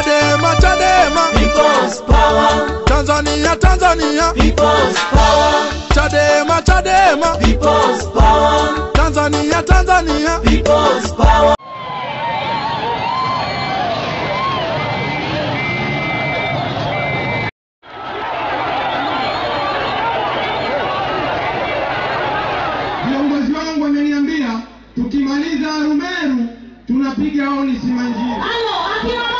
Chadema, Chadema. People's power. Tanzania, Tanzania. People's power. Chadema, Chadema. People's power. Tanzania, Tanzania. People's power. tukimaliza Arumeru tunapiga honi Simanjiro. Halo, akina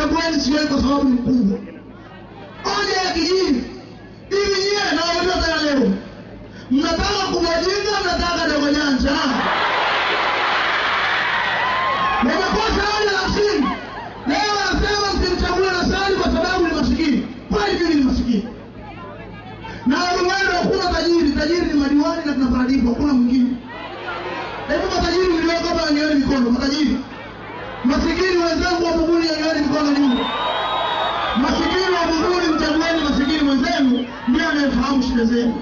chagueni siweni kwa sababu ni mkubwa. Hoja ya kijini hivi, nyewe nawauliza tena leo, mnataka kuwajinga, mnataka dogo nyanja, wanakosa hoja la msingi. Leo anasema msimchague Nasari kwa sababu ni masikini. Kwani mimi ni masikini na ulimwengu hakuna tajiri? Tajiri ni madiwani na kina Paradipo, hakuna mwingine. Hebu matajiri masikini wenzangu wa Buguni, nyanyueni mkono juu. Masikini wa Buguni, mchagueni masikini mwenzenu, ndiye anayefahamu shida zenu.